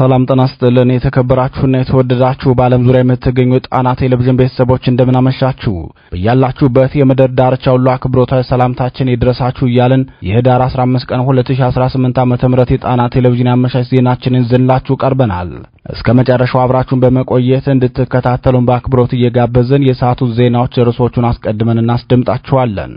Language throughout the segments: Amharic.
ሰላም ጤና ይስጥልን። የተከበራችሁና የተወደዳችሁ በዓለም ዙሪያ የምትገኙ ጣና ቴሌቪዥን ቤተሰቦች እንደምናመሻችሁ፣ በያላችሁበት የምድር ዳርቻ ሁሉ አክብሮታዊ ሰላምታችን ይድረሳችሁ እያልን የህዳር 15 ቀን 2018 ዓ.ም የጣና ቴሌቪዥን አመሻሽ ዜናችንን ዝንላችሁ ቀርበናል። እስከ መጨረሻው አብራችሁን በመቆየት እንድትከታተሉን በአክብሮት እየጋበዝን የሰዓቱ ዜናዎች ርዕሶቹን አስቀድመን እናስደምጣችኋለን።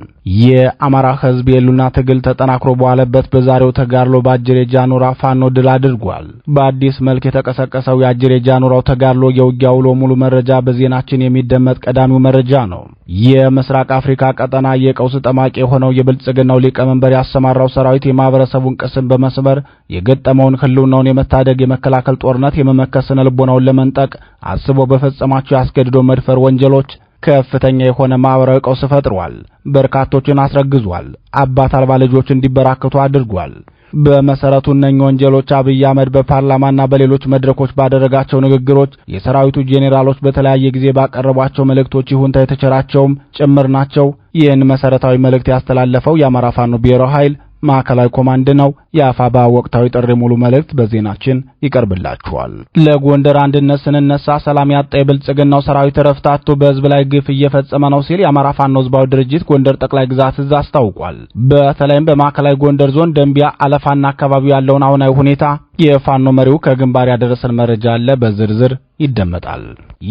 የአማራ ሕዝብ የሉና ትግል ተጠናክሮ በዋለበት በዛሬው ተጋድሎ በአጅሬ ጃኑራ ፋኖ ድል አድርጓል። በአዲስ መልክ የተቀሰቀሰው የአጅሬ ጃኑራው ተጋድሎ የውጊያ ውሎ ሙሉ መረጃ በዜናችን የሚደመጥ ቀዳሚው መረጃ ነው። የምስራቅ አፍሪካ ቀጠና የቀውስ ጠማቂ የሆነው የብልጽግናው ሊቀመንበር ያሰማራው ሰራዊት የማህበረሰቡን ቅስም በመስበር የገጠመውን ህልውናውን የመታደግ የመከላከል ጦርነት የመመከት ስነ ልቦናውን ለመንጠቅ አስቦ በፈጸማቸው ያስገድዶ መድፈር ወንጀሎች ከፍተኛ የሆነ ማህበራዊ ቀውስ ፈጥሯል። በርካቶችን አስረግዟል። አባት አልባ ልጆች እንዲበራከቱ አድርጓል። በመሰረቱ እነኝ ወንጀሎች አብይ አህመድ በፓርላማና በሌሎች መድረኮች ባደረጋቸው ንግግሮች የሰራዊቱ ጄኔራሎች በተለያየ ጊዜ ባቀረቧቸው መልእክቶች ይሁንታ የተቸራቸውም ጭምር ናቸው። ይህን መሰረታዊ መልእክት ያስተላለፈው የአማራ ፋኖ ብሔራዊ ኃይል ማዕከላዊ ኮማንድ ነው። የአፋባ ወቅታዊ ጥሪ ሙሉ መልእክት በዜናችን ይቀርብላችኋል። ለጎንደር አንድነት ስንነሳ ሰላም ያጣ የብልጽግናው ሰራዊት እረፍት በህዝብ ላይ ግፍ እየፈጸመ ነው ሲል የአማራ ፋኖ ህዝባዊ ድርጅት ጎንደር ጠቅላይ ግዛት እዝ አስታውቋል። በተለይም በማዕከላዊ ጎንደር ዞን ደንቢያ አለፋና አካባቢው ያለውን አሁናዊ ሁኔታ የፋኖ መሪው ከግንባር ያደረሰን መረጃ አለ በዝርዝር ይደመጣል።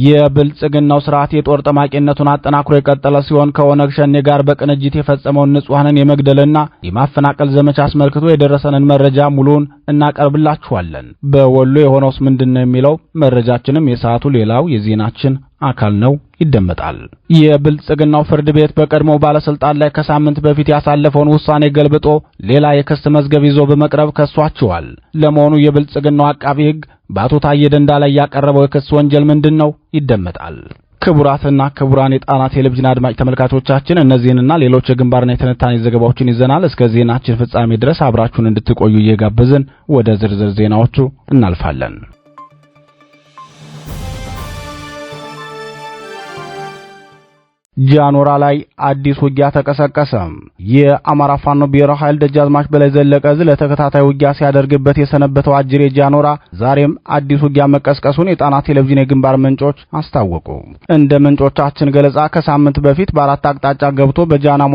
የብልጽግናው ስርዓት የጦር ጠማቂነቱን አጠናክሮ የቀጠለ ሲሆን ከኦነግ ሸኔ ጋር በቅንጅት የፈጸመውን ንጹሐንን የመግደልና የማፈናቀል ዘመቻ አስመልክቶ የደረሰንን መረጃ ሙሉውን እናቀርብላችኋለን። በወሎ የሆነውስ ምንድን ነው የሚለው መረጃችንም የሰዓቱ ሌላው የዜናችን አካል ነው ይደመጣል። የብልጽግናው ፍርድ ቤት በቀድሞ ባለስልጣን ላይ ከሳምንት በፊት ያሳለፈውን ውሳኔ ገልብጦ ሌላ የክስ መዝገብ ይዞ በመቅረብ ከሷቸዋል። ለመሆኑ የብልጽግናው አቃቢ ሕግ በአቶ ታዬ ደንዳ ላይ ያቀረበው የክስ ወንጀል ምንድን ነው? ይደመጣል። ክቡራትና ክቡራን የጣና ቴሌቪዥን አድማጭ ተመልካቾቻችን እነዚህንና ሌሎች የግንባርና የትንታኔ ዘገባዎችን ይዘናል። እስከ ዜናችን ፍጻሜ ድረስ አብራችሁን እንድትቆዩ እየጋበዝን ወደ ዝርዝር ዜናዎቹ እናልፋለን። ጃኖራ ላይ አዲስ ውጊያ ተቀሰቀሰ። የአማራ ፋኖ ብሔራዊ ኃይል ደጃዝማች በላይ ዘለቀ ዕዝ ለተከታታይ ውጊያ ሲያደርግበት የሰነበተው አጅሬ ጃኖራ ዛሬም አዲስ ውጊያ መቀስቀሱን የጣና ቴሌቪዥን የግንባር ምንጮች አስታወቁ። እንደ ምንጮቻችን ገለጻ ከሳምንት በፊት በአራት አቅጣጫ ገብቶ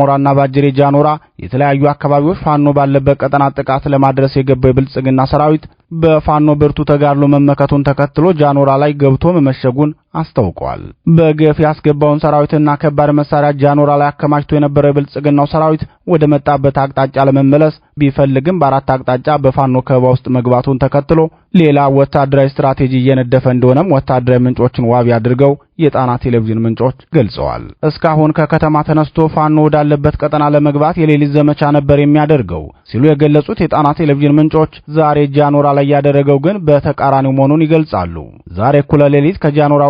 ሞራና በአጅሬ ጃኖራ የተለያዩ አካባቢዎች ፋኖ ባለበት ቀጠና ጥቃት ለማድረስ የገባው የብልጽግና ሰራዊት በፋኖ ብርቱ ተጋድሎ መመከቱን ተከትሎ ጃኖራ ላይ ገብቶ መመሸጉን አስታውቋል። በገፍ ያስገባውን ሰራዊትና ከባድ መሳሪያ ጃኖራ ላይ አከማችቶ የነበረው የብልጽግናው ሰራዊት ወደ መጣበት አቅጣጫ ለመመለስ ቢፈልግም በአራት አቅጣጫ በፋኖ ከበባ ውስጥ መግባቱን ተከትሎ ሌላ ወታደራዊ ስትራቴጂ እየነደፈ እንደሆነም ወታደራዊ ምንጮችን ዋቢ አድርገው የጣና ቴሌቪዥን ምንጮች ገልጸዋል። እስካሁን ከከተማ ተነስቶ ፋኖ ወዳለበት ቀጠና ለመግባት የሌሊት ዘመቻ ነበር የሚያደርገው ሲሉ የገለጹት የጣና ቴሌቪዥን ምንጮች ዛሬ ጃኖራ ላይ ያደረገው ግን በተቃራኒው መሆኑን ይገልጻሉ። ዛሬ እኩለ ሌሊት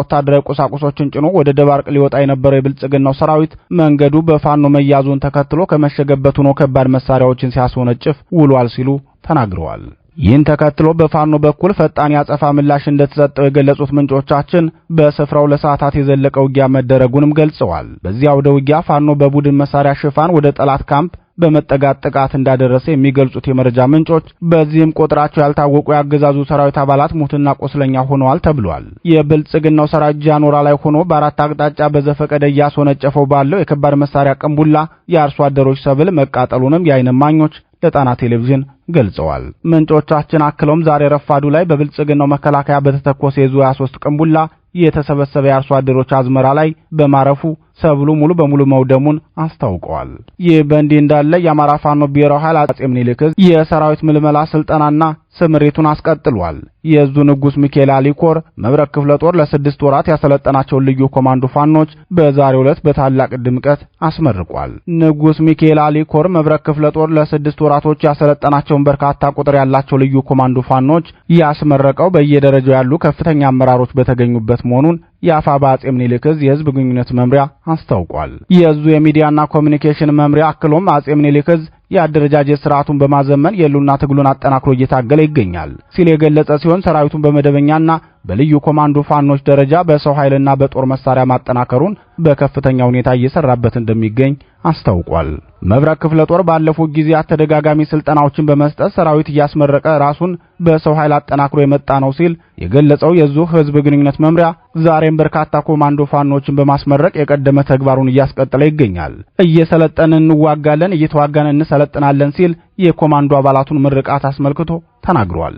ወታደራዊ ቁሳቁሶችን ጭኖ ወደ ደባርቅ ሊወጣ የነበረው የብልጽግናው ሰራዊት መንገዱ በፋኖ መያዙን ተከትሎ ከመሸገበት ሆኖ ከባድ መሳሪያዎችን ሲያስወነጭፍ ውሏል ሲሉ ተናግረዋል። ይህን ተከትሎ በፋኖ በኩል ፈጣን ያጸፋ ምላሽ እንደተሰጠው የገለጹት ምንጮቻችን በስፍራው ለሰዓታት የዘለቀ ውጊያ መደረጉንም ገልጸዋል። በዚያ አውደ ውጊያ ፋኖ በቡድን መሳሪያ ሽፋን ወደ ጠላት ካምፕ በመጠጋት ጥቃት እንዳደረሰ የሚገልጹት የመረጃ ምንጮች፣ በዚህም ቁጥራቸው ያልታወቁ የአገዛዙ ሰራዊት አባላት ሙትና ቆስለኛ ሆነዋል ተብሏል። የብልጽግናው ሰራዊት ጃኖራ ላይ ሆኖ በአራት አቅጣጫ በዘፈቀደ እያስወነጨፈው ባለው የከባድ መሳሪያ ቅንቡላ የአርሶ አደሮች ሰብል መቃጠሉንም የዓይን እማኞች ለጣና ቴሌቪዥን ገልጸዋል። ምንጮቻችን አክለውም ዛሬ ረፋዱ ላይ በብልጽግናው መከላከያ በተተኮሰ የዙ 23 ቅንቡላ የተሰበሰበ የአርሶ አደሮች አዝመራ ላይ በማረፉ ሰብሉ ሙሉ በሙሉ መውደሙን አስታውቀዋል። ይህ በእንዲህ እንዳለ የአማራ ፋኖ ብሔራዊ ኃይል አጼ ምኒልክ ዕዝ የሰራዊት ምልመላ ስልጠናና ስምሪቱን አስቀጥሏል። የእዙ ንጉሥ ሚካኤል አሊኮር መብረቅ ክፍለ ጦር ለስድስት ወራት ያሰለጠናቸውን ልዩ ኮማንዶ ፋኖች በዛሬው ዕለት በታላቅ ድምቀት አስመርቋል። ንጉሥ ሚካኤል አሊኮር መብረቅ ክፍለ ጦር ለስድስት ወራቶች ያሰለጠናቸውን በርካታ ቁጥር ያላቸው ልዩ ኮማንዶ ፋኖች ያስመረቀው በየደረጃው ያሉ ከፍተኛ አመራሮች በተገኙበት መሆኑን የአፋባ አፄ ምኒልክ ዕዝ ግንኙነት መምሪያ አስታውቋል። የዕዙ የሚዲያና ኮሚኒኬሽን መምሪያ አክሎም አፄ ምኒልክ የአደረጃጀት ስርዓቱን በማዘመን የሉና ትግሉን አጠናክሮ እየታገለ ይገኛል ሲል የገለጸ ሲሆን ሰራዊቱን በመደበኛና በልዩ ኮማንዶ ፋኖች ደረጃ በሰው ኃይልና በጦር መሳሪያ ማጠናከሩን በከፍተኛ ሁኔታ እየሰራበት እንደሚገኝ አስታውቋል። መብረቅ ክፍለ ጦር ባለፉት ጊዜያት ተደጋጋሚ ስልጠናዎችን በመስጠት ሰራዊት እያስመረቀ ራሱን በሰው ኃይል አጠናክሮ የመጣ ነው ሲል የገለጸው የዙ ህዝብ ግንኙነት መምሪያ ዛሬም በርካታ ኮማንዶ ፋኖችን በማስመረቅ የቀደመ ተግባሩን እያስቀጠለ ይገኛል። እየሰለጠንን እንዋጋለን፣ እየተዋጋን እንሰ እንሰለጥናለን ሲል የኮማንዶ አባላቱን ምርቃት አስመልክቶ ተናግሯል።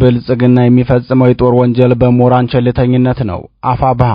ብልጽግና የሚፈጽመው የጦር ወንጀል በሞራን ቸልተኝነት ነው። አፋብሃ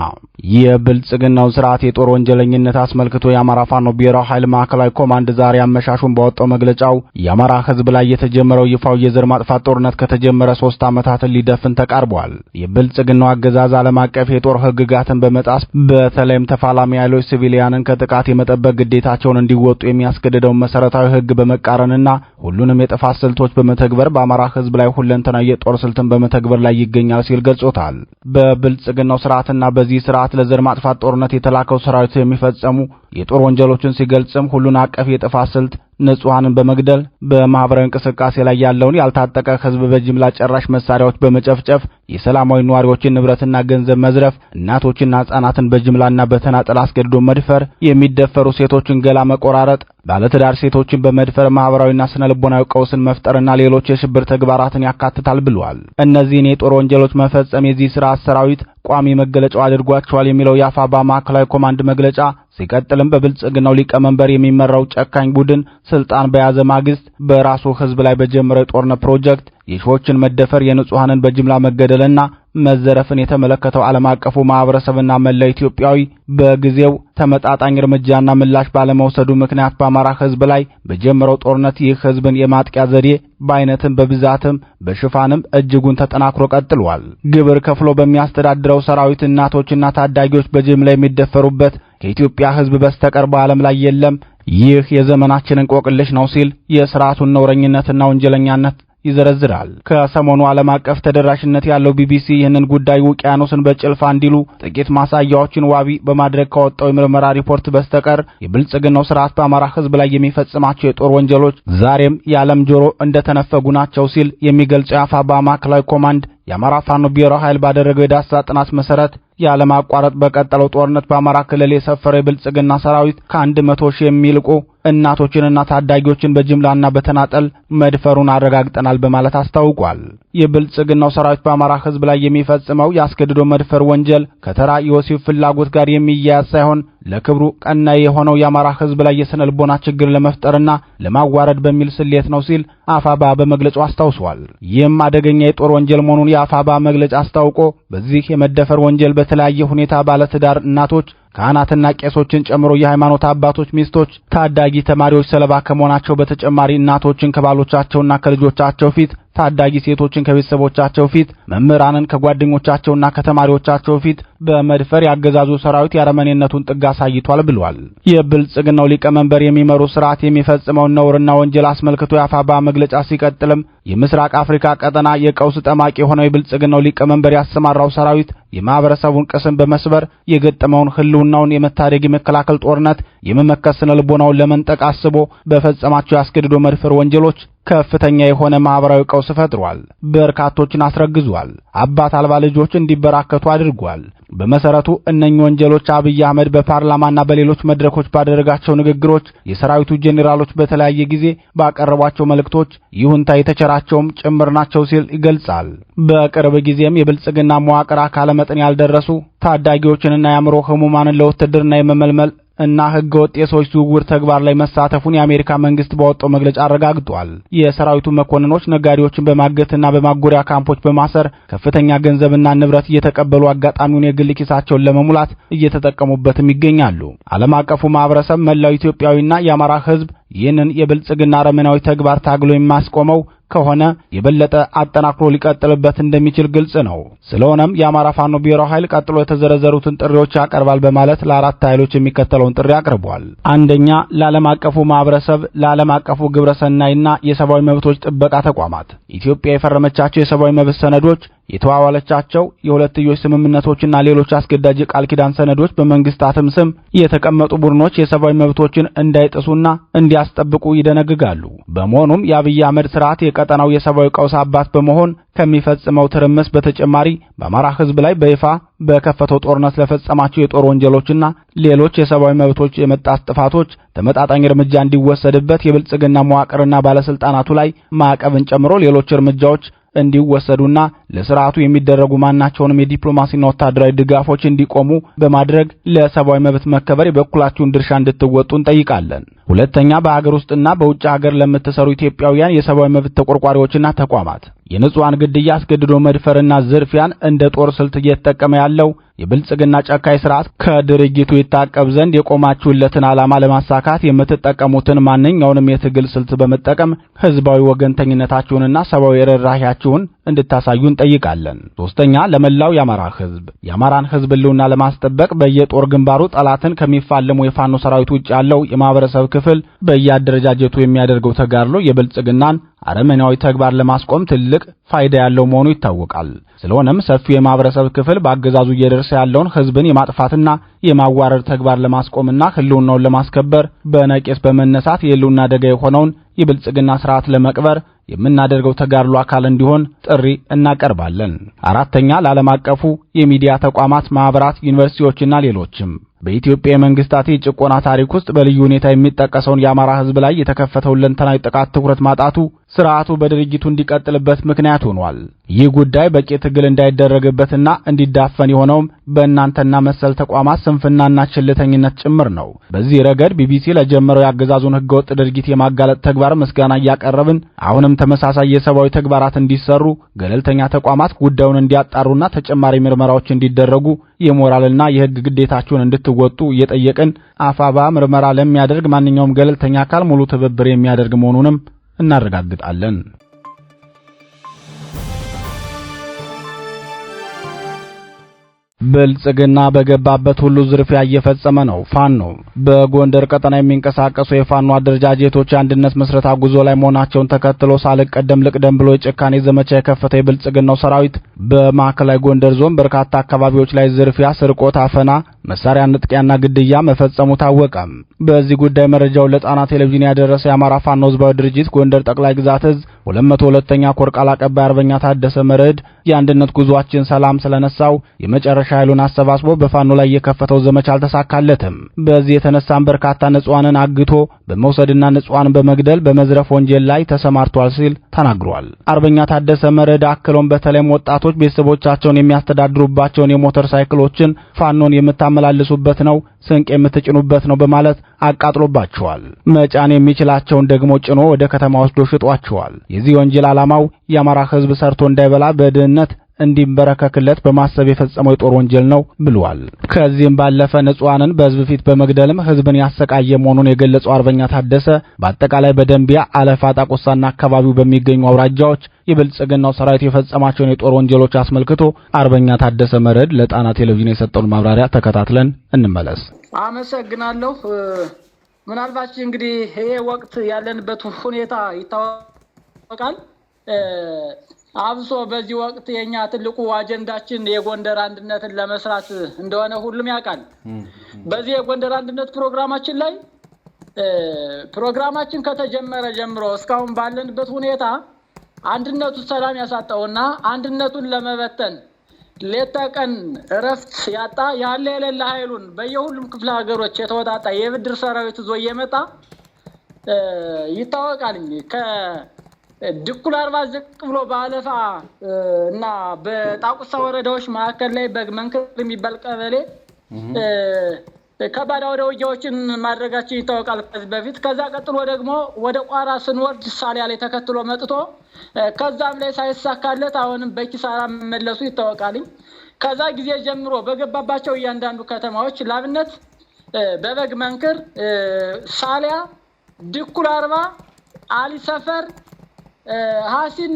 የብልጽግናው ስርዓት የጦር ወንጀለኝነት አስመልክቶ የአማራ ፋኖ ብሔራዊ ኃይል ማዕከላዊ ኮማንድ ዛሬ አመሻሹን ባወጣው መግለጫው የአማራ ሕዝብ ላይ የተጀመረው ይፋው የዘር ማጥፋት ጦርነት ከተጀመረ ሶስት ዓመታትን ሊደፍን ተቃርቧል። የብልጽግናው አገዛዝ ዓለም አቀፍ የጦር ሕግጋትን በመጣስ በተለይም ተፋላሚ ኃይሎች ሲቪሊያንን ከጥቃት የመጠበቅ ግዴታቸውን እንዲወጡ የሚያስገድደውን መሰረታዊ ሕግ በመቃረንና ሁሉንም የጥፋት ስልቶች በመተግበር በአማራ ሕዝብ ላይ ሁለንተናዊ የጦር ስልትን በመተግበር ላይ ይገኛል ሲል ገልጾታል። በብልጽግናው ስራ ስርዓትና በዚህ ስርዓት ለዘር ማጥፋት ጦርነት የተላከው ሰራዊት የሚፈጸሙ የጦር ወንጀሎችን ሲገልጽም ሁሉን አቀፍ የጥፋት ስልት ንጹሐንን በመግደል በማኅበራዊ እንቅስቃሴ ላይ ያለውን ያልታጠቀ ሕዝብ በጅምላ ጨራሽ መሳሪያዎች በመጨፍጨፍ የሰላማዊ ነዋሪዎችን ንብረትና ገንዘብ መዝረፍ፣ እናቶችና ሕጻናትን በጅምላና በተናጠል አስገድዶ መድፈር፣ የሚደፈሩ ሴቶችን ገላ መቆራረጥ፣ ባለትዳር ሴቶችን በመድፈር ማኅበራዊና ስነ ልቦናዊ ቀውስን መፍጠርና ሌሎች የሽብር ተግባራትን ያካትታል ብለዋል። እነዚህን የጦር ወንጀሎች መፈጸም የዚህ ሥርዓት ሰራዊት ቋሚ መገለጫው አድርጓቸዋል የሚለው የአፋባ ማዕከላዊ ኮማንድ መግለጫ ሲቀጥልም በብልጽግናው ሊቀመንበር የሚመራው ጨካኝ ቡድን ስልጣን በያዘ ማግስት በራሱ ሕዝብ ላይ በጀመረው የጦርነት ፕሮጀክት የሺዎችን መደፈር የንጹሐንን በጅምላ መገደልና መዘረፍን የተመለከተው ዓለም አቀፉ ማኅበረሰብና መላ ኢትዮጵያዊ በጊዜው ተመጣጣኝ እርምጃና ምላሽ ባለመውሰዱ ምክንያት በአማራ ሕዝብ ላይ በጀመረው ጦርነት ይህ ሕዝብን የማጥቂያ ዘዴ በአይነትም በብዛትም በሽፋንም እጅጉን ተጠናክሮ ቀጥሏል። ግብር ከፍሎ በሚያስተዳድረው ሰራዊት እናቶችና ታዳጊዎች በጅምላ የሚደፈሩበት ከኢትዮጵያ ሕዝብ በስተቀር በዓለም ላይ የለም። ይህ የዘመናችንን እንቆቅልሽ ነው ሲል የሥርዓቱን ነውረኝነትና ወንጀለኛነት ይዘረዝራል። ከሰሞኑ ዓለም አቀፍ ተደራሽነት ያለው ቢቢሲ ይህንን ጉዳይ ውቅያኖስን በጭልፋ እንዲሉ ጥቂት ማሳያዎችን ዋቢ በማድረግ ከወጣው የምርመራ ሪፖርት በስተቀር የብልጽግናው ስርዓት በአማራ ሕዝብ ላይ የሚፈጽማቸው የጦር ወንጀሎች ዛሬም የዓለም ጆሮ እንደተነፈጉ ናቸው ሲል የሚገልጸው የአፋባ ማዕከላዊ ኮማንድ የአማራ ፋኖ ብሔራዊ ኃይል ባደረገው የዳሳ ጥናት መሰረት ያለማቋረጥ በቀጠለው ጦርነት በአማራ ክልል የሰፈረው የብልጽግና ሰራዊት ከአንድ መቶ ሺህ የሚልቁ እናቶችንና ታዳጊዎችን በጅምላና በተናጠል መድፈሩን አረጋግጠናል በማለት አስታውቋል። የብልጽግናው ሰራዊት በአማራ ሕዝብ ላይ የሚፈጽመው የአስገድዶ መድፈር ወንጀል ከተራ የወሲብ ፍላጎት ጋር የሚያያዝ ሳይሆን ለክብሩ ቀና የሆነው የአማራ ሕዝብ ላይ የስነልቦና ችግር ለመፍጠርና ለማዋረድ በሚል ስሌት ነው ሲል አፋባ በመግለጫው አስታውሷል። ይህም አደገኛ የጦር ወንጀል መሆኑን የአፋባ መግለጫ አስታውቆ በዚህ የመደፈር ወንጀል በተለያየ ሁኔታ ባለትዳር እናቶች ካህናትና ቄሶችን ጨምሮ የሃይማኖት አባቶች ሚስቶች ታዳጊ ተማሪዎች ሰለባ ከመሆናቸው በተጨማሪ እናቶችን ከባሎቻቸውና ከልጆቻቸው ፊት ታዳጊ ሴቶችን ከቤተሰቦቻቸው ፊት መምህራንን ከጓደኞቻቸውና ከተማሪዎቻቸው ፊት በመድፈር ያገዛዙ ሰራዊት የአረመኔነቱን ጥግ አሳይቷል ብሏል። የብልጽግናው ሊቀመንበር የሚመሩ ስርዓት የሚፈጽመውን ነውርና ወንጀል አስመልክቶ የአፋባ መግለጫ ሲቀጥልም የምስራቅ አፍሪካ ቀጠና የቀውስ ጠማቂ የሆነው የብልጽግናው ሊቀመንበር ያሰማራው ሰራዊት የማህበረሰቡን ቅስም በመስበር የገጠመውን ህልው የህልውናውን የመታደግ የመከላከል ጦርነት የመመከት ስነ ልቦናውን ለመንጠቅ አስቦ በፈጸማቸው ያስገድዶ መድፈር ወንጀሎች ከፍተኛ የሆነ ማኅበራዊ ቀውስ ፈጥሯል። በርካቶችን አስረግዟል። አባት አልባ ልጆች እንዲበራከቱ አድርጓል። በመሰረቱ እነኚህ ወንጀሎች አብይ አህመድ በፓርላማና በሌሎች መድረኮች ባደረጋቸው ንግግሮች፣ የሰራዊቱ ጄኔራሎች በተለያየ ጊዜ ባቀረቧቸው መልእክቶች ይሁንታ የተቸራቸውም ጭምር ናቸው ሲል ይገልጻል። በቅርብ ጊዜም የብልጽግና መዋቅር አካለ መጠን ያልደረሱ ታዳጊዎችንና የአእምሮ ህሙማንን ለውትድርና የመመልመል እና ወጥ የሰዎች ዝውውር ተግባር ላይ መሳተፉን የአሜሪካ መንግስት ባወጣው መግለጫ አረጋግጧል። የሰራዊቱ መኮንኖች ነጋዴዎችን በማገትና በማጎሪያ ካምፖች በማሰር ከፍተኛ ገንዘብና ንብረት እየተቀበሉ አጋጣሚውን የግል ኪሳቸውን ለመሙላት እየተጠቀሙበትም ይገኛሉ። ዓለም አቀፉ ማህበረሰብ፣ መላው ኢትዮጵያዊና የአማራ ህዝብ ይህንን የብልጽግና ረመናዊ ተግባር ታግሎ የማስቆመው ከሆነ የበለጠ አጠናክሮ ሊቀጥልበት እንደሚችል ግልጽ ነው። ስለሆነም የአማራ ፋኖ ብሔራዊ ኃይል ቀጥሎ የተዘረዘሩትን ጥሪዎች ያቀርባል በማለት ለአራት ኃይሎች የሚከተለውን ጥሪ አቅርቧል። አንደኛ፣ ለዓለም አቀፉ ማህበረሰብ፣ ለዓለም አቀፉ ግብረሰናይና የሰብአዊ መብቶች ጥበቃ ተቋማት ኢትዮጵያ የፈረመቻቸው የሰብአዊ መብት ሰነዶች የተዋዋለቻቸው የሁለትዮሽ ስምምነቶችና ሌሎች አስገዳጅ የቃል ኪዳን ሰነዶች በመንግስታትም ስም የተቀመጡ ቡድኖች የሰብአዊ መብቶችን እንዳይጥሱና እንዲያስጠብቁ ይደነግጋሉ። በመሆኑም የአብይ አህመድ ስርዓት የቀጠናው የሰብአዊ ቀውስ አባት በመሆን ከሚፈጽመው ትርምስ በተጨማሪ በአማራ ህዝብ ላይ በይፋ በከፈተው ጦርነት ለፈጸማቸው የጦር ወንጀሎችና ሌሎች የሰብአዊ መብቶች የመጣስ ጥፋቶች ተመጣጣኝ እርምጃ እንዲወሰድበት የብልጽግና መዋቅርና ባለስልጣናቱ ላይ ማዕቀብን ጨምሮ ሌሎች እርምጃዎች እንዲወሰዱና ለስርዓቱ የሚደረጉ ማናቸውንም የዲፕሎማሲና ወታደራዊ ድጋፎች እንዲቆሙ በማድረግ ለሰብአዊ መብት መከበር የበኩላችሁን ድርሻ እንድትወጡ እንጠይቃለን። ሁለተኛ በሀገር ውስጥና በውጭ ሀገር ለምትሰሩ ኢትዮጵያውያን የሰብአዊ መብት ተቆርቋሪዎችና ተቋማት የንጹሐን ግድያ፣ አስገድዶ መድፈርና ዝርፊያን እንደ ጦር ስልት እየተጠቀመ ያለው የብልጽግና ጨካኝ ስርዓት ከድርጊቱ ይታቀብ ዘንድ የቆማችሁለትን ዓላማ ለማሳካት የምትጠቀሙትን ማንኛውንም የትግል ስልት በመጠቀም ሕዝባዊ ወገንተኝነታችሁንና ሰብአዊ ርኅራኄያችሁን እንድታሳዩ እንጠይቃለን። ሶስተኛ ለመላው የአማራ ህዝብ የአማራን ህዝብ ህልውና ለማስጠበቅ በየጦር ግንባሩ ጠላትን ከሚፋለሙ የፋኖ ሰራዊት ውጭ ያለው የማህበረሰብ ክፍል በየአደረጃጀቱ የሚያደርገው ተጋድሎ የብልጽግናን አረመናዊ ተግባር ለማስቆም ትልቅ ፋይዳ ያለው መሆኑ ይታወቃል። ስለሆነም ሰፊው የማህበረሰብ ክፍል በአገዛዙ እየደረሰ ያለውን ህዝብን የማጥፋትና የማዋረድ ተግባር ለማስቆምና ህልውናውን ለማስከበር በነቄስ በመነሳት የህልውና አደጋ የሆነውን የብልጽግና ስርዓት ለመቅበር የምናደርገው ተጋድሎ አካል እንዲሆን ጥሪ እናቀርባለን። አራተኛ ለዓለም አቀፉ የሚዲያ ተቋማት፣ ማኅበራት፣ ዩኒቨርሲቲዎችና ሌሎችም በኢትዮጵያ የመንግስታት የጭቆና ታሪክ ውስጥ በልዩ ሁኔታ የሚጠቀሰውን የአማራ ሕዝብ ላይ የተከፈተውን ሁለንተናዊ ጥቃት ትኩረት ማጣቱ ስርዓቱ በድርጊቱ እንዲቀጥልበት ምክንያት ሆኗል። ይህ ጉዳይ በቂ ትግል እንዳይደረግበትና እንዲዳፈን የሆነውም በእናንተና መሰል ተቋማት ስንፍናና ችልተኝነት ጭምር ነው። በዚህ ረገድ ቢቢሲ ለጀመረው የአገዛዙን ህገወጥ ድርጊት የማጋለጥ ተግባር ምስጋና እያቀረብን አሁንም ተመሳሳይ የሰብአዊ ተግባራት እንዲሰሩ ገለልተኛ ተቋማት ጉዳዩን እንዲያጣሩና ተጨማሪ ምርመራዎች እንዲደረጉ የሞራልና የህግ ግዴታችሁን እንድትወጡ እየጠየቅን አፋባ ምርመራ ለሚያደርግ ማንኛውም ገለልተኛ አካል ሙሉ ትብብር የሚያደርግ መሆኑንም እናረጋግጣለን ብልጽግና በገባበት ሁሉ ዝርፊያ እየፈጸመ ነው። ፋኖ በጎንደር ቀጠና የሚንቀሳቀሱ የፋኖ አደረጃጀቶች የአንድነት መስረታ ጉዞ ላይ መሆናቸውን ተከትሎ ሳልቀደም ልቅደም ብሎ የጭካኔ ዘመቻ የከፈተ የብልጽግናው ሰራዊት በማዕከላዊ ጎንደር ዞን በርካታ አካባቢዎች ላይ ዝርፊያ፣ ስርቆት፣ አፈና፣ መሳሪያ ንጥቂያና ግድያ መፈጸሙ ታወቀ። በዚህ ጉዳይ መረጃውን ለጣና ቴሌቪዥን ያደረሰ የአማራ ፋኖ ህዝባዊ ድርጅት ጎንደር ጠቅላይ ግዛት እዝ 202ኛ ኮር ቃል አቀባይ አርበኛ ታደሰ መርዕድ የአንድነት ጉዞአችን ሰላም ስለነሳው የመጨረሻ ኃይሉን አሰባስቦ በፋኖ ላይ የከፈተው ዘመቻ አልተሳካለትም። በዚህ የተነሳም በርካታ ንጹሐንን አግቶ በመውሰድና ንጹሐን በመግደል በመዝረፍ ወንጀል ላይ ተሰማርቷል ሲል ተናግሯል። አርበኛ ታደሰ መረዳ አክሎም በተለይም ወጣቶች ቤተሰቦቻቸውን የሚያስተዳድሩባቸውን የሞተር ሳይክሎችን ፋኖን የምታመላልሱበት ነው፣ ስንቅ የምትጭኑበት ነው በማለት አቃጥሎባቸዋል። መጫን የሚችላቸውን ደግሞ ጭኖ ወደ ከተማ ወስዶ ሽጧቸዋል። የዚህ ወንጀል ዓላማው የአማራ ሕዝብ ሰርቶ እንዳይበላ በድህነት እንዲንበረከክለት በማሰብ የፈጸመው የጦር ወንጀል ነው ብሏል። ከዚህም ባለፈ ንጹሐንን በህዝብ ፊት በመግደልም ህዝብን ያሰቃየ መሆኑን የገለጸው አርበኛ ታደሰ በአጠቃላይ በደንቢያ አለፋ፣ ጣቆሳና አካባቢው በሚገኙ አውራጃዎች የብልጽግናው ሰራዊት የፈጸማቸውን የጦር ወንጀሎች አስመልክቶ አርበኛ ታደሰ መረድ ለጣና ቴሌቪዥን የሰጠውን ማብራሪያ ተከታትለን እንመለስ። አመሰግናለሁ። ምናልባች እንግዲህ ይሄ ወቅት ያለንበት ሁኔታ ይታወቃል። አብሶ በዚህ ወቅት የኛ ትልቁ አጀንዳችን የጎንደር አንድነትን ለመስራት እንደሆነ ሁሉም ያውቃል። በዚህ የጎንደር አንድነት ፕሮግራማችን ላይ ፕሮግራማችን ከተጀመረ ጀምሮ እስካሁን ባለንበት ሁኔታ አንድነቱ ሰላም ያሳጣውና አንድነቱን ለመበተን ሌት ቀን እረፍት ያጣ ያለ የሌለ ኃይሉን በየሁሉም ክፍለ ሀገሮች የተወጣጣ የብድር ሰራዊት ይዞ እየመጣ ይታወቃል። ድኩል አርባ ዝቅ ብሎ በአለፋ እና በጣቁሳ ወረዳዎች መካከል ላይ መንክር የሚባል ቀበሌ ከባድ አውደ ውጊያዎችን ማድረጋችን ይታወቃል ከዚህ በፊት። ከዛ ቀጥሎ ደግሞ ወደ ቋራ ስንወርድ ሳሊያ ላይ ተከትሎ መጥቶ ከዛም ላይ ሳይሳካለት አሁንም በኪሳራ መመለሱ ይታወቃልኝ። ከዛ ጊዜ ጀምሮ በገባባቸው እያንዳንዱ ከተማዎች ላብነት በበግ መንክር፣ ሳሊያ፣ ድኩል አርባ፣ አሊ ሰፈር ሀሲን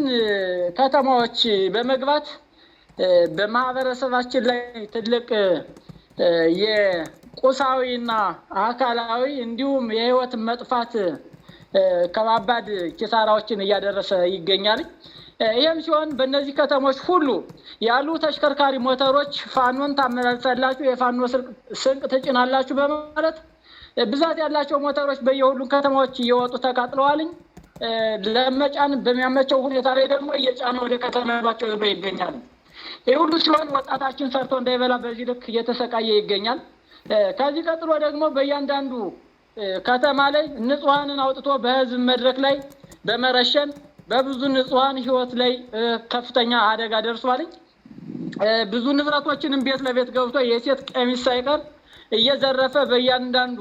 ከተማዎች በመግባት በማህበረሰባችን ላይ ትልቅ የቁሳዊና አካላዊ እንዲሁም የህይወት መጥፋት ከባባድ ኪሳራዎችን እያደረሰ ይገኛል። ይህም ሲሆን በእነዚህ ከተሞች ሁሉ ያሉ ተሽከርካሪ ሞተሮች ፋኖን ታመላልሳላችሁ፣ የፋኖ ስንቅ ትጭናላችሁ በማለት ብዛት ያላቸው ሞተሮች በየሁሉም ከተማዎች እየወጡ ተቃጥለዋልኝ። ለመጫን በሚያመቸው ሁኔታ ላይ ደግሞ እየጫነ ወደ ከተማባቸው ይገኛሉ። ይህ ሁሉ ሲሆን ወጣታችን ሰርቶ እንዳይበላ በዚህ ልክ እየተሰቃየ ይገኛል። ከዚህ ቀጥሎ ደግሞ በእያንዳንዱ ከተማ ላይ ንጹሐንን አውጥቶ በህዝብ መድረክ ላይ በመረሸን በብዙ ንጹሐን ህይወት ላይ ከፍተኛ አደጋ ደርሷልኝ። ብዙ ንብረቶችንም ቤት ለቤት ገብቶ የሴት ቀሚስ ሳይቀር እየዘረፈ በእያንዳንዱ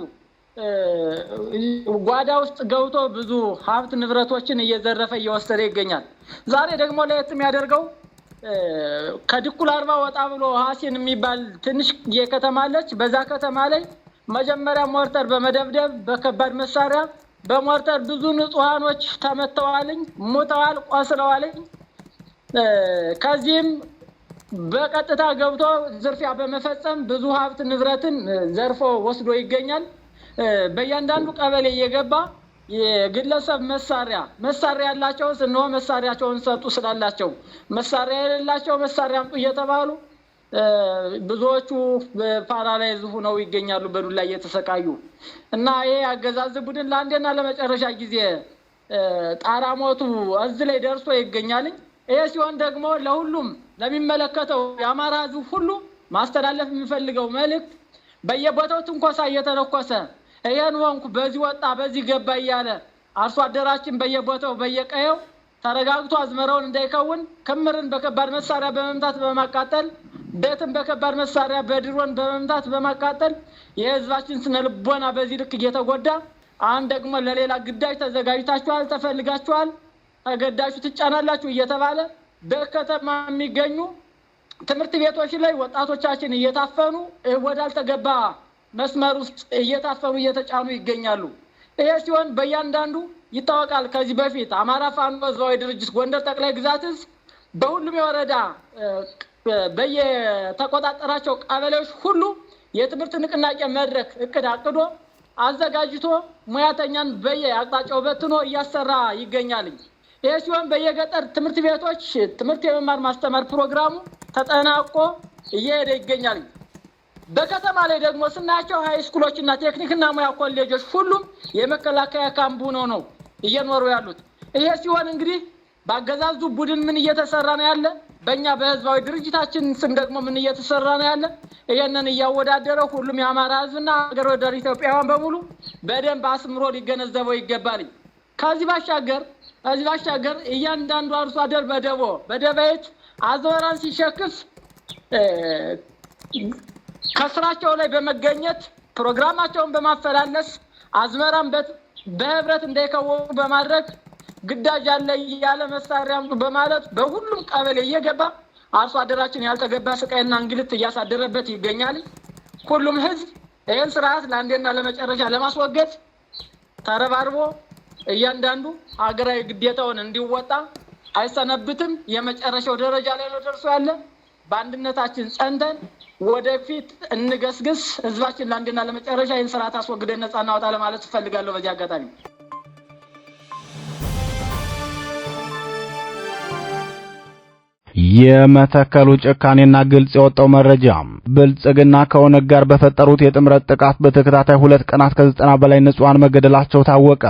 ጓዳ ውስጥ ገብቶ ብዙ ሀብት ንብረቶችን እየዘረፈ እየወሰደ ይገኛል። ዛሬ ደግሞ ለየት የሚያደርገው ከድኩል አርባ ወጣ ብሎ ሀሲን የሚባል ትንሽ የከተማ አለች። በዛ ከተማ ላይ መጀመሪያ ሞርተር በመደብደብ በከባድ መሳሪያ በሞርተር ብዙ ንጹሐኖች ተመተዋልኝ፣ ሙተዋል፣ ቆስለዋልኝ። ከዚህም በቀጥታ ገብቶ ዝርፊያ በመፈጸም ብዙ ሀብት ንብረትን ዘርፎ ወስዶ ይገኛል። በእያንዳንዱ ቀበሌ እየገባ የግለሰብ መሳሪያ መሳሪያ ያላቸው እነሆ መሳሪያቸውን ሰጡ ስላላቸው መሳሪያ የሌላቸው መሳሪያ አምጡ እየተባሉ ብዙዎቹ ፓራላይዝ ሁነው ይገኛሉ፣ በዱላ እየተሰቃዩ እና ይሄ አገዛዝ ቡድን ለአንዴና ለመጨረሻ ጊዜ ጣራ ሞቱ እዝ ላይ ደርሶ ይገኛልኝ። ይሄ ሲሆን ደግሞ ለሁሉም ለሚመለከተው የአማራ ህዝብ ሁሉ ማስተላለፍ የሚፈልገው መልእክት በየቦታው ትንኮሳ እየተለኮሰ ይሄን ወንኩ በዚህ ወጣ በዚህ ገባ እያለ አርሶ አደራችን በየቦታው በየቀየው ተረጋግቶ አዝመራውን እንዳይከውን ክምርን በከባድ መሳሪያ በመምታት በማቃጠል ቤትን በከባድ መሳሪያ በድሮን በመምታት በማቃጠል የህዝባችን ስነ ልቦና በዚህ ልክ እየተጎዳ አሁን ደግሞ ለሌላ ግዳጅ ተዘጋጅታችኋል፣ ተፈልጋችኋል፣ ተገዳችሁ ትጫናላችሁ እየተባለ በከተማ የሚገኙ ትምህርት ቤቶች ላይ ወጣቶቻችን እየታፈኑ ወዳልተገባ መስመር ውስጥ እየታፈኑ እየተጫኑ ይገኛሉ። ይሄ ሲሆን በእያንዳንዱ ይታወቃል። ከዚህ በፊት አማራ ፋኖ ሕዝባዊ ድርጅት ጎንደር ጠቅላይ ግዛትስ በሁሉም የወረዳ በየተቆጣጠራቸው ቀበሌዎች ሁሉ የትምህርት ንቅናቄ መድረክ እቅድ አቅዶ አዘጋጅቶ ሙያተኛን በየአቅጣጫው በትኖ እያሰራ ይገኛል። ይህ ሲሆን በየገጠር ትምህርት ቤቶች ትምህርት የመማር ማስተማር ፕሮግራሙ ተጠናቆ እየሄደ ይገኛል። በከተማ ላይ ደግሞ ስናያቸው ስኩሎች እና ቴክኒክና ሙያ ኮሌጆች ሁሉም የመከላከያ ካምፕ ሆኖ ነው እየኖሩ ያሉት። ይሄ ሲሆን እንግዲህ በአገዛዙ ቡድን ምን እየተሰራ ነው ያለ፣ በእኛ በህዝባዊ ድርጅታችን ስም ደግሞ ምን እየተሰራ ነው ያለ። ይህንን እያወዳደረ ሁሉም የአማራ ህዝብና ሀገር ወዳድ ኢትዮጵያውያን በሙሉ በደንብ አስምሮ ሊገነዘበው ይገባል። ከዚህ ባሻገር ከዚህ ባሻገር እያንዳንዱ አርሶ አደር በደቦ በደባየት አዝመራን ሲሸክፍ ከስራቸው ላይ በመገኘት ፕሮግራማቸውን በማፈላለስ አዝመራን በህብረት እንዳይከወኑ በማድረግ ግዳጅ ያለ ያለ መሳሪያ በማለት በሁሉም ቀበሌ እየገባ አርሶ አደራችን ያልተገባ ስቃይና እንግልት እያሳደረበት ይገኛል። ሁሉም ህዝብ ይህን ስርዓት ለአንዴና ለመጨረሻ ለማስወገድ ተረባርቦ እያንዳንዱ ሀገራዊ ግዴታውን እንዲወጣ አይሰነብትም። የመጨረሻው ደረጃ ላይ ነው ደርሶ ያለ በአንድነታችን ጸንተን ወደፊት እንገስግስ። ህዝባችን ለአንድና ለመጨረሻ ይህን ስርዓት አስወግደን ነጻ እናወጣ ለማለት እፈልጋለሁ በዚህ አጋጣሚ። የመተከሉ ጭካኔና ግልጽ የወጣው መረጃ ብልጽግና ከኦነግ ጋር በፈጠሩት የጥምረት ጥቃት በተከታታይ ሁለት ቀናት ከዘጠና በላይ ንጹሃን መገደላቸው ታወቀ።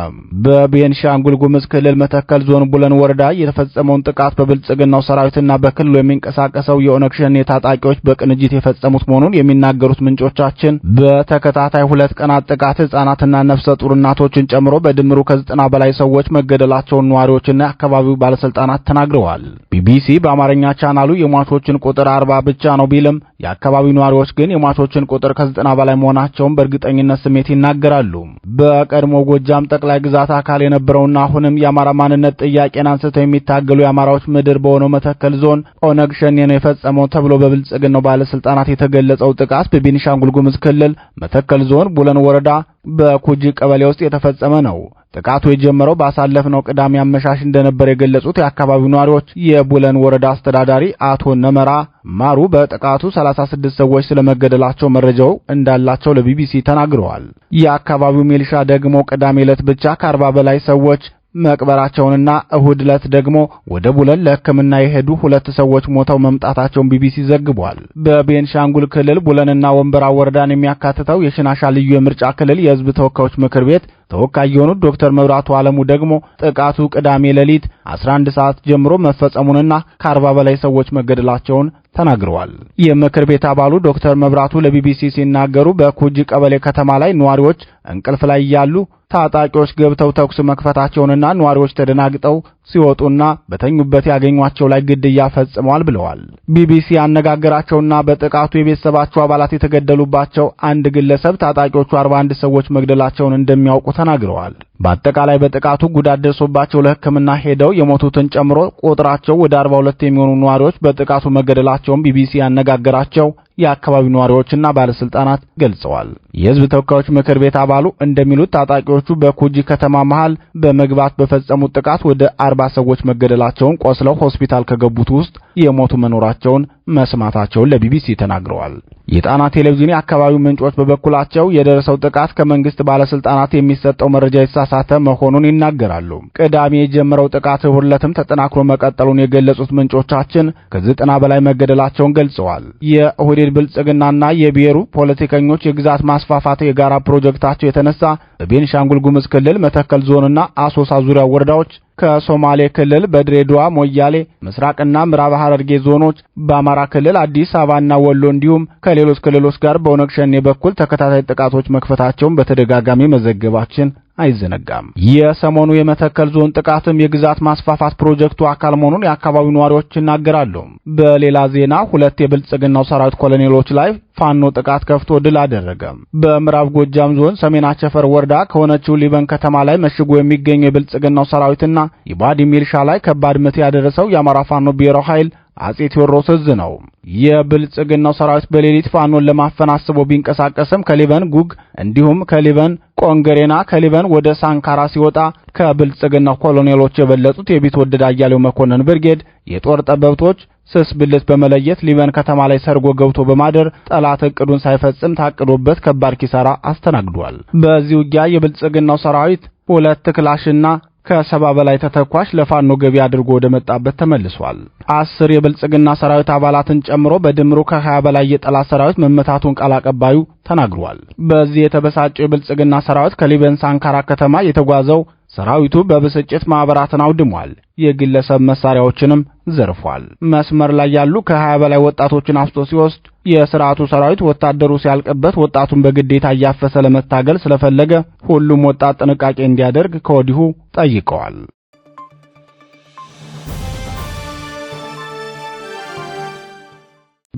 በቤንሻንጉል ጉምዝ ክልል መተከል ዞን ቡለን ወረዳ የተፈጸመውን ጥቃት በብልጽግናው ሰራዊትና በክልሉ የሚንቀሳቀሰው የኦነግ ሸኔ ታጣቂዎች በቅንጅት የፈጸሙት መሆኑን የሚናገሩት ምንጮቻችን በተከታታይ ሁለት ቀናት ጥቃት ህጻናትና ነፍሰ ጡር እናቶችን ጨምሮ በድምሩ ከዘጠና በላይ ሰዎች መገደላቸውን ነዋሪዎችና የአካባቢው ባለስልጣናት ተናግረዋል። ቢቢሲ በአማርኛ ቻናሉ የሟቾችን ቁጥር አርባ ብቻ ነው ቢልም የአካባቢው ነዋሪዎች ግን የሟቾችን ቁጥር ከዘጠና በላይ መሆናቸውን በእርግጠኝነት ስሜት ይናገራሉ። በቀድሞ ጎጃም ጠቅላይ ግዛት አካል የነበረውና አሁንም የአማራ ማንነት ጥያቄን አንስተው የሚታገሉ የአማራዎች ምድር በሆነው መተከል ዞን ኦነግ ሸኔ ነው የፈጸመው ተብሎ በብልጽግናው ባለስልጣናት የተገለጸው ጥቃት በቤኒሻንጉል ጉሙዝ ክልል መተከል ዞን ቡለን ወረዳ በኩጂ ቀበሌ ውስጥ የተፈጸመ ነው። ጥቃቱ የጀመረው ባሳለፍነው ቅዳሜ አመሻሽ እንደነበር የገለጹት የአካባቢው ነዋሪዎች የቡለን ወረዳ አስተዳዳሪ አቶ ነመራ ማሩ በጥቃቱ 36 ሰዎች ስለመገደላቸው መረጃው እንዳላቸው ለቢቢሲ ተናግረዋል። የአካባቢው ሚሊሻ ደግሞ ቅዳሜ ዕለት ብቻ ከአርባ በላይ ሰዎች መቅበራቸውንና እሁድ ዕለት ደግሞ ወደ ቡለን ለሕክምና የሄዱ ሁለት ሰዎች ሞተው መምጣታቸውን ቢቢሲ ዘግቧል። በቤንሻንጉል ክልል ቡለንና ወንበራ ወረዳን የሚያካትተው የሽናሻ ልዩ የምርጫ ክልል የህዝብ ተወካዮች ምክር ቤት ተወካይ የሆኑት ዶክተር መብራቱ አለሙ ደግሞ ጥቃቱ ቅዳሜ ሌሊት 11 ሰዓት ጀምሮ መፈጸሙንና ከአርባ በላይ ሰዎች መገደላቸውን ተናግረዋል። የምክር ቤት አባሉ ዶክተር መብራቱ ለቢቢሲ ሲናገሩ በኩጂ ቀበሌ ከተማ ላይ ነዋሪዎች እንቅልፍ ላይ እያሉ ታጣቂዎች ገብተው ተኩስ መክፈታቸውንና ነዋሪዎች ተደናግጠው ሲወጡና በተኙበት ያገኟቸው ላይ ግድያ ፈጽመዋል ብለዋል። ቢቢሲ ያነጋገራቸውና በጥቃቱ የቤተሰባቸው አባላት የተገደሉባቸው አንድ ግለሰብ ታጣቂዎቹ 41 ሰዎች መግደላቸውን እንደሚያውቁ ተናግረዋል። በአጠቃላይ በጥቃቱ ጉዳት ደርሶባቸው ለሕክምና ሄደው የሞቱትን ጨምሮ ቁጥራቸው ወደ 42 የሚሆኑ ነዋሪዎች በጥቃቱ መገደላቸውን ቢቢሲ ያነጋገራቸው የአካባቢው ነዋሪዎችና ባለስልጣናት ገልጸዋል። የህዝብ ተወካዮች ምክር ቤት አባሉ እንደሚሉት ታጣቂዎቹ በኩጂ ከተማ መሃል በመግባት በፈጸሙት ጥቃት ወደ 40 ሰዎች መገደላቸውን ቆስለው ሆስፒታል ከገቡት ውስጥ የሞቱ መኖራቸውን መስማታቸውን ለቢቢሲ ተናግረዋል። የጣና ቴሌቪዥን የአካባቢው ምንጮች በበኩላቸው የደረሰው ጥቃት ከመንግስት ባለስልጣናት የሚሰጠው መረጃ የተሳሳተ መሆኑን ይናገራሉ። ቅዳሜ የጀመረው ጥቃት እሁድ ዕለትም ተጠናክሮ መቀጠሉን የገለጹት ምንጮቻችን ከዘጠና በላይ መገደላቸውን ገልጸዋል። የኦህዴድ ብልጽግናና የብሔሩ ፖለቲከኞች የግዛት ማስፋፋት የጋራ ፕሮጀክታቸው የተነሳ በቤንሻንጉል ጉምዝ ክልል መተከል ዞንና አሶሳ ዙሪያ ወረዳዎች ከሶማሌ ክልል በድሬዳዋ ሞያሌ፣ ምስራቅና ምዕራብ ሐረርጌ ዞኖች፣ በአማራ ክልል አዲስ አበባና ወሎ እንዲሁም ከሌሎች ክልሎች ጋር በኦነግ ሸኔ በኩል ተከታታይ ጥቃቶች መክፈታቸውን በተደጋጋሚ መዘገባችን አይዘነጋም። የሰሞኑ የመተከል ዞን ጥቃትም የግዛት ማስፋፋት ፕሮጀክቱ አካል መሆኑን የአካባቢው ነዋሪዎች ይናገራሉ። በሌላ ዜና ሁለት የብልጽግናው ሰራዊት ኮሎኔሎች ላይ ፋኖ ጥቃት ከፍቶ ድል አደረገ። በምዕራብ ጎጃም ዞን ሰሜን አቸፈር ወረዳ ከሆነችው ሊበን ከተማ ላይ መሽጎ የሚገኘው የብልጽግናው ሰራዊትና የባዲ ሚልሻ ላይ ከባድ ምት ያደረሰው የአማራ ፋኖ ብሔራዊ ኃይል አጼ ቴዎድሮስ እዝ ነው። የብልጽግናው ሰራዊት በሌሊት ፋኖን ለማፈን አስቦ ቢንቀሳቀስም ከሊበን ጉግ እንዲሁም ከሊበን ቆንገሬና ከሊበን ወደ ሳንካራ ሲወጣ ከብልጽግናው ኮሎኔሎች የበለጡት ወደድ አያሌው መኮንን ብርጌድ የጦር ጠበብቶች ስስ ብልት በመለየት ሊበን ከተማ ላይ ሰርጎ ገብቶ በማደር ጠላት እቅዱን ሳይፈጽም ታቅዶበት ከባድ ኪሳራ አስተናግዷል። በዚህ ውጊያ የብልጽግናው ሰራዊት ሁለት ክላሽና ከሰባ በላይ ተተኳሽ ለፋኖ ገቢ አድርጎ ወደ መጣበት ተመልሷል። አስር የብልጽግና ሰራዊት አባላትን ጨምሮ በድምሩ ከ20 በላይ የጠላት ሰራዊት መመታቱን ቃል አቀባዩ ተናግሯል። በዚህ የተበሳጨው የብልጽግና ሰራዊት ከሊበንስ ሳንካራ ከተማ የተጓዘው ሰራዊቱ በብስጭት ማኅበራትን አውድሟል። የግለሰብ መሳሪያዎችንም ዘርፏል። መስመር ላይ ያሉ ከ20 በላይ ወጣቶችን አፍቶ ሲወስድ የስርዓቱ ሰራዊት ወታደሩ ሲያልቅበት ወጣቱን በግዴታ እያፈሰ ለመታገል ስለፈለገ ሁሉም ወጣት ጥንቃቄ እንዲያደርግ ከወዲሁ ጠይቀዋል።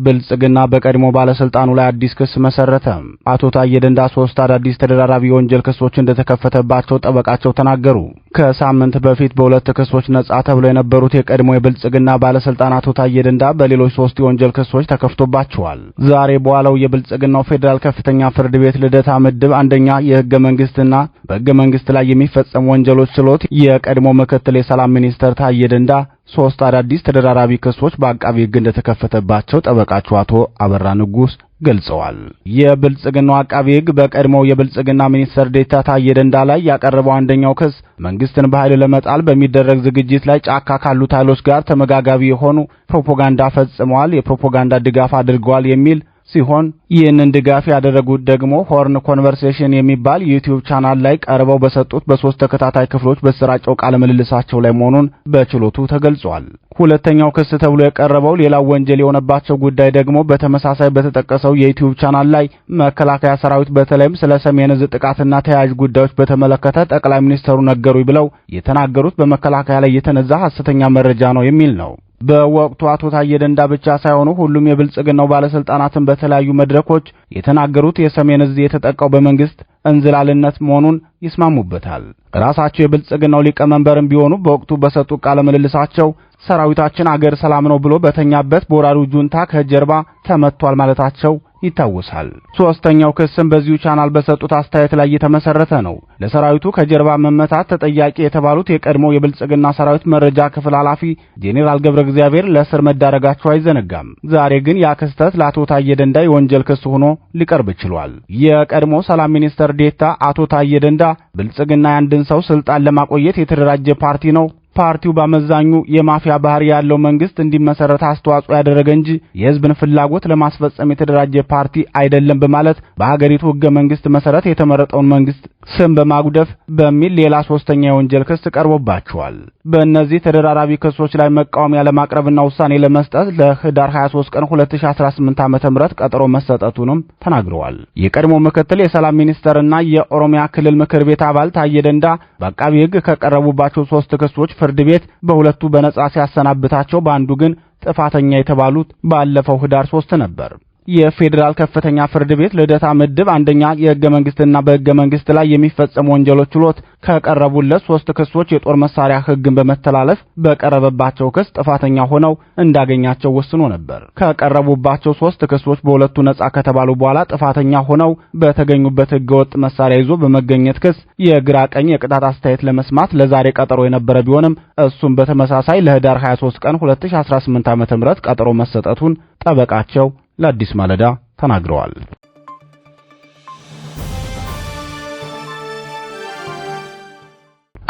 ብልጽግና በቀድሞ ባለስልጣኑ ላይ አዲስ ክስ መሰረተ። አቶ ታየ ደንዳ ሶስት አዳዲስ ተደራራቢ የወንጀል ክሶች እንደተከፈተባቸው ጠበቃቸው ተናገሩ። ከሳምንት በፊት በሁለት ክሶች ነጻ ተብሎ የነበሩት የቀድሞ የብልጽግና ባለስልጣን አቶ ታየ ደንዳ በሌሎች ሶስት የወንጀል ክሶች ተከፍቶባቸዋል። ዛሬ በኋላው የብልጽግናው ፌዴራል ከፍተኛ ፍርድ ቤት ልደታ ምድብ አንደኛ የህገ መንግስትና በህገ መንግስት ላይ የሚፈጸሙ ወንጀሎች ችሎት የቀድሞ ምክትል የሰላም ሚኒስተር ታየ ደንዳ ሦስት አዳዲስ ተደራራቢ ክሶች በአቃቢ ሕግ እንደተከፈተባቸው ጠበቃቸው አቶ አበራ ንጉስ ገልጸዋል። የብልጽግናው አቃቢ ሕግ በቀድሞው የብልጽግና ሚኒስትር ዴታ ታዬ ደንዳ ላይ ያቀረበው አንደኛው ክስ መንግስትን በኃይል ለመጣል በሚደረግ ዝግጅት ላይ ጫካ ካሉት ኃይሎች ጋር ተመጋጋቢ የሆኑ ፕሮፓጋንዳ ፈጽመዋል፣ የፕሮፓጋንዳ ድጋፍ አድርገዋል የሚል ሲሆን ይህንን ድጋፍ ያደረጉት ደግሞ ሆርን ኮንቨርሴሽን የሚባል ዩቲዩብ ቻናል ላይ ቀርበው በሰጡት በሶስት ተከታታይ ክፍሎች በተሰራጨው ቃለ ምልልሳቸው ላይ መሆኑን በችሎቱ ተገልጿል። ሁለተኛው ክስ ተብሎ የቀረበው ሌላው ወንጀል የሆነባቸው ጉዳይ ደግሞ በተመሳሳይ በተጠቀሰው የዩቲዩብ ቻናል ላይ መከላከያ ሰራዊት በተለይም ስለ ሰሜን ዝ ጥቃትና ተያያዥ ጉዳዮች በተመለከተ ጠቅላይ ሚኒስትሩ ነገሩኝ ብለው የተናገሩት በመከላከያ ላይ የተነዛ ሐሰተኛ መረጃ ነው የሚል ነው። በወቅቱ አቶ ታዬ ደንዳ ብቻ ሳይሆኑ ሁሉም የብልጽግናው ባለስልጣናትን በተለያዩ መድረኮች የተናገሩት የሰሜን እዝ የተጠቃው በመንግስት እንዝላልነት መሆኑን ይስማሙበታል። ራሳቸው የብልጽግናው ሊቀመንበርም ቢሆኑ በወቅቱ በሰጡ ቃለ ምልልሳቸው ሰራዊታችን አገር ሰላም ነው ብሎ በተኛበት ቦራዱ ጁንታ ከጀርባ ተመቷል ማለታቸው ይታወሳል። ሶስተኛው ክስም በዚሁ ቻናል በሰጡት አስተያየት ላይ የተመሰረተ ነው። ለሰራዊቱ ከጀርባ መመታት ተጠያቂ የተባሉት የቀድሞ የብልጽግና ሰራዊት መረጃ ክፍል ኃላፊ ጄኔራል ገብረ እግዚአብሔር ለእስር መዳረጋቸው አይዘነጋም። ዛሬ ግን ያ ክስተት ለአቶ ታዬ ደንዳ የወንጀል ክስ ሆኖ ሊቀርብ ችሏል። የቀድሞ ሰላም ሚኒስተር ዴታ አቶ ታዬ ደንዳ ብልጽግና የአንድን ሰው ስልጣን ለማቆየት የተደራጀ ፓርቲ ነው ፓርቲው በአመዛኙ የማፊያ ባህሪ ያለው መንግስት እንዲመሰረት አስተዋጽኦ ያደረገ እንጂ የህዝብን ፍላጎት ለማስፈጸም የተደራጀ ፓርቲ አይደለም በማለት በሀገሪቱ ህገ መንግስት መሰረት የተመረጠውን መንግስት ስም በማጉደፍ በሚል ሌላ ሶስተኛ የወንጀል ክስ ቀርቦባቸዋል። በእነዚህ ተደራራቢ ክሶች ላይ መቃወሚያ ለማቅረብና ውሳኔ ለመስጠት ለህዳር 23 ቀን 2018 ዓ.ም ቀጠሮ መሰጠቱንም ተናግረዋል። የቀድሞ ምክትል የሰላም ሚኒስተርና የኦሮሚያ ክልል ምክር ቤት አባል ታየ ደንዳ በአቃቢ ህግ ከቀረቡባቸው ሶስት ክሶች ፍርድ ቤት በሁለቱ በነጻ ሲያሰናብታቸው በአንዱ ግን ጥፋተኛ የተባሉት ባለፈው ህዳር ሶስት ነበር። የፌዴራል ከፍተኛ ፍርድ ቤት ልደታ ምድብ አንደኛ የህገ መንግስትና በህገ መንግስት ላይ የሚፈጸሙ ወንጀሎች ችሎት ከቀረቡለት ሶስት ክሶች የጦር መሳሪያ ህግን በመተላለፍ በቀረበባቸው ክስ ጥፋተኛ ሆነው እንዳገኛቸው ወስኖ ነበር። ከቀረቡባቸው ሶስት ክሶች በሁለቱ ነጻ ከተባሉ በኋላ ጥፋተኛ ሆነው በተገኙበት ህገ ወጥ መሳሪያ ይዞ በመገኘት ክስ የግራ ቀኝ የቅጣት አስተያየት ለመስማት ለዛሬ ቀጠሮ የነበረ ቢሆንም እሱም በተመሳሳይ ለህዳር 23 ቀን 2018 ዓ.ም ቀጠሮ መሰጠቱን ጠበቃቸው ለአዲስ ማለዳ ተናግረዋል።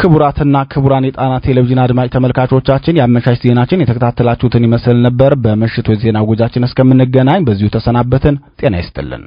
ክቡራትና ክቡራን የጣና ቴሌቪዥን አድማጭ ተመልካቾቻችን የአመሻሽ ዜናችን የተከታተላችሁትን ይመስል ነበር። በምሽቱ የዜና ዕወጃችን እስከምንገናኝ በዚሁ ተሰናበትን። ጤና ይስጥልን።